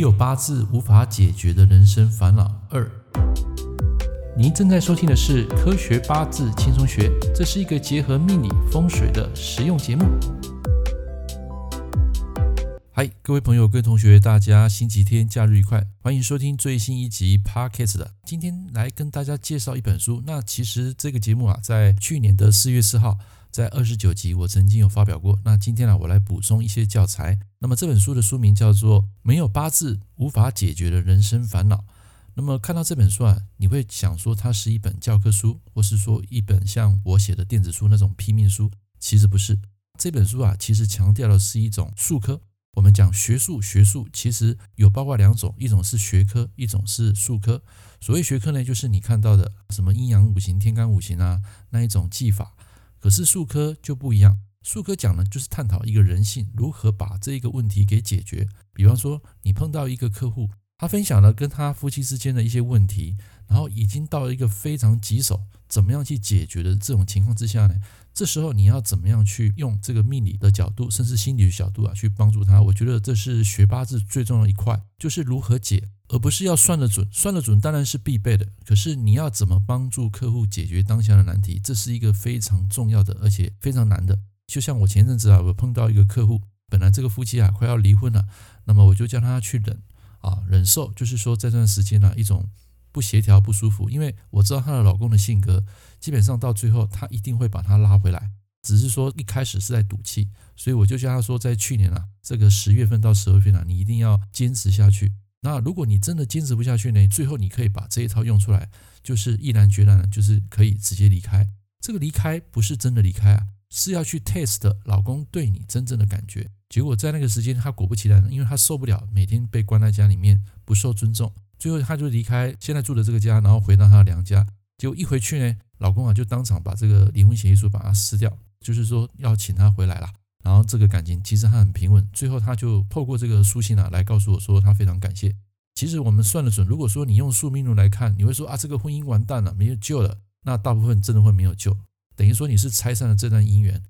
沒有八字無法解決的人生煩惱二。您正在收聽的是《科學八字輕鬆學》，這是一個結合命理風水的實用節目。嗨，各位朋友，各位同學，大家星期天假日愉快，歡迎收聽最新一集 Podcast 的。今天來跟大家介紹一本書。那其實這個節目啊，在去年的四月四號。在二十九集，我曾經有發表過。那今天呢、啊，我來補充一些教材。那麼這本書的書名叫做《沒有八字無法解決的人生煩惱》。那麼看到這本書啊，你會想說它是一本教科書，或是說一本像我寫的電子書那種批命書？其實不是。這本書啊，其實強調的是一種術科。我們講學術，學術其實有包括兩種，一種是學科，一種是術科。所謂學科呢，就是你看到的什麼陰陽五行、天干五行啊那一種技法。可是數科就不一樣，數科講的，就是探討一個人性，如何把這個問題給解決。比方說，你碰到一個客戶。他分享了跟他夫妻之間的一些問題，然後已經到了一個非常棘手，怎麼樣去解決的這種情況之下呢？這時候你要怎麼樣去用這個命理的角度，甚至心理的角度啊，去幫助他？我覺得這是學八字最重要的一塊，就是如何解，而不是要算得準。算得準當然是必備的，可是你要怎麼幫助客戶解決當下的難題，這是一個非常重要的，而且非常難的。就像我前陣子啊，我碰到一個客戶，本來這個夫妻啊快要離婚了，那麼我就叫他去忍。啊，忍受就是說這段時間呢、啊，一種不協調、不舒服。因為我知道她的老公的性格，基本上到最後她一定會把她拉回來，只是說一開始是在賭氣。所以我就叫她說，在去年啊，這個十月份到十二月份啊，你一定要堅持下去。那如果你真的堅持不下去呢，最後你可以把這一套用出來，就是毅然決然的，就是可以直接離開。這個離開不是真的離開啊，是要去 test 老公對你真正的感覺。結果在那個時間，他果不其然，因為他受不了每天被關在家裡面不受尊重，最後，他就離開現在住的這個家，然後回到他的娘家。結果一回去呢，老公啊就當場把這個離婚協議書把它撕掉，就是說要請他回來啦。然後這個感情其實他很平穩，最後他就透過這個書信啊來告訴我說他非常感謝。其實我們算得準，如果說你用宿命論來看，你會說啊，這個婚姻完蛋了，沒有救了，那大部分真的會沒有救，等於說你是拆散了這段姻緣。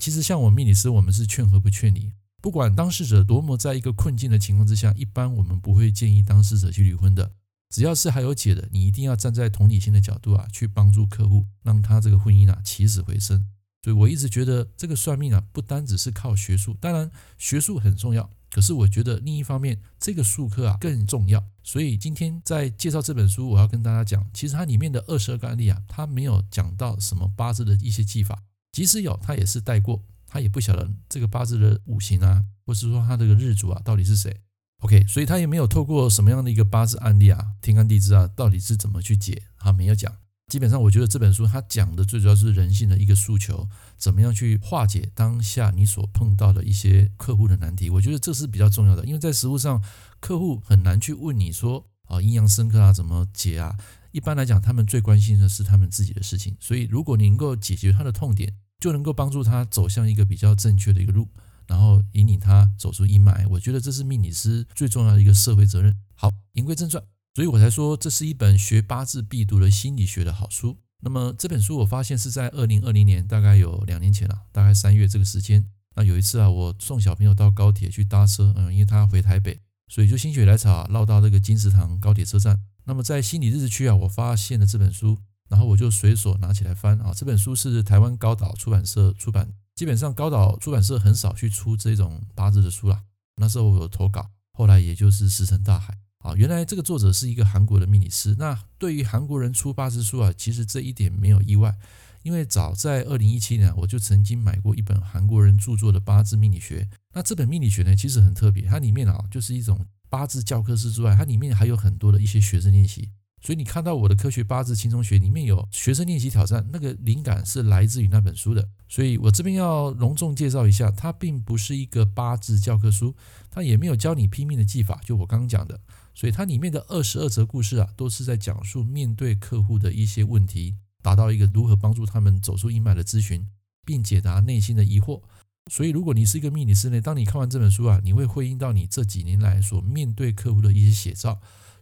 其實像我命理師，我們是勸和不勸離。不管當事者多麼在一個困境的情況之下，一般我們不會建議當事者去離婚的。只要是還有解的，你一定要站在同理心的角度啊，去幫助客戶，讓他這個婚姻啊起死回生。所以我一直覺得這個算命啊，不單只是靠學術，當然學術很重要，可是我覺得另一方面這個術科啊更重要。所以今天在介紹這本書，我要跟大家講，其實它裡面的二十二個案例啊，它沒有講到什麼八字的一些技法，即使有，它也是帶過。他也不曉得這個八字的五行啊，或是說他這個日主啊到底是誰？OK，所以他也沒有透過什麼樣的一個八字案例啊，天干地支啊，到底是怎麼去解，他沒有講。基本上，我覺得這本書他講的最主要是人性的一個訴求，怎麼樣去化解當下你所碰到的一些客戶的難題。我覺得這是比較重要的，因為在實務上，客戶很難去問你說啊，陰陽深刻啊，怎麼解啊？一般來講，他們最關心的是他們自己的事情，所以如果你能夠解決他的痛點。就能夠幫助他走向一個比較正確的一個路，然後引領他走出陰霾。我覺得這是命理師最重要的一個社會責任。好，言歸正傳，所以我才說這是一本學八字必讀的心理學的好書。那麼這本書我發現是在二零二零年，大概有兩年前了、啊，大概三月這個時間。那有一次啊，我送小朋友到高鐵去搭車，嗯，因為他回台北，所以就心血來潮、啊、繞到這個金石堂高鐵車站。那麼在心理勵志區啊，我發現了這本書。然後我就隨手拿起來翻啊、哦，這本書是台灣高島出版社出版，基本上高島出版社很少去出這種八字的書啦。那時候我有投稿，後來也就是石沉大海啊、哦。原來這個作者是一個韓國的命理師。那對於韓國人出八字書啊，其實這一點沒有意外，因為早在二零一七年、啊、我就曾經買過一本韓國人著作的八字命理學。那這本命理學呢，其實很特別，它裡面啊、哦、就是一種八字教科書之外，它裡面還有很多的一些學生練習。所以你看到我的《科學八字輕鬆學》裡面有學生練習挑戰，那個靈感是來自於那本書的。所以我這邊要隆重介紹一下，它並不是一個八字教科書，它也沒有教你批命的技法，就我剛剛講的。所以它裡面的二十二則故事啊，都是在講述面對客戶的一些問題，達到一個如何幫助他們走出陰霾的諮詢，並解答內心的疑惑。所以如果你是一個命理師呢，當你看完這本書啊，你會回應到你這幾年來所面對客戶的一些寫照。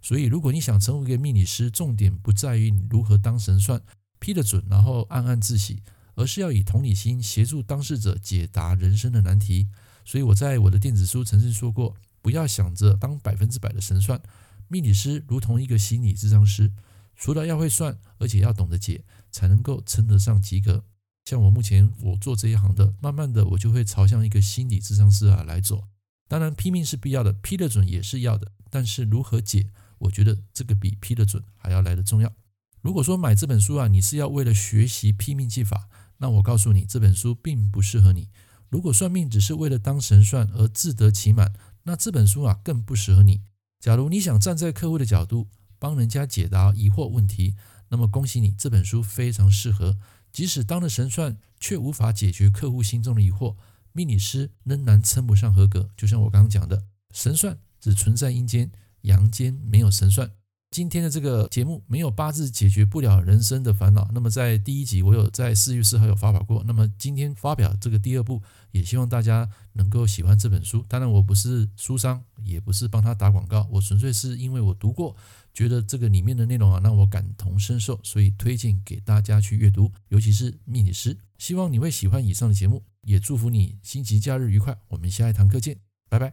所以，如果你想成為一個命理師，重點不在於你如何當神算，批得準，然後暗暗自喜，而是要以同理心協助當事者解答人生的難題。所以我在我的電子書曾經說過，不要想着當百分之百的神算，命理師如同一個心理諮商師，除了要會算，而且要懂得解，才能夠稱得上及格。像我目前我做這一行的，慢慢的我就會朝向一個心理諮商師啊來走。當然，批命是必要的，批得準也是要的，但是如何解？我覺得這個比批得準還要來得重要。如果說買這本書啊，你是要為了學習批命技法，那我告訴你，這本書並不適合你。如果算命只是為了當神算而自得其滿，那這本書啊更不適合你。假如你想站在客戶的角度幫人家解答疑惑問題，那麼恭喜你，這本書非常適合。即使當了神算，卻無法解決客戶心中的疑惑，命理師仍然稱不上合格。就像我剛剛講的，神算只存在陰間。陽間沒有神算，今天的這個節目沒有八字解決不了人生的煩惱。那麼在第一集，我有在四月四號有發表過。那麼今天發表這個第二部，也希望大家能夠喜歡這本書。當然，我不是書商，也不是幫他打廣告，我純粹是因為我讀過，覺得這個裡面的內容啊，讓我感同身受，所以推薦給大家去閱讀，尤其是命理師。希望你會喜歡以上的節目，也祝福你星期假日愉快。我們下一堂課見，拜拜。